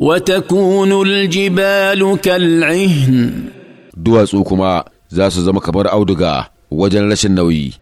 وتكون الجبال كالعهن دواسو كما زاس زمكبر أودغا وجن لشنوي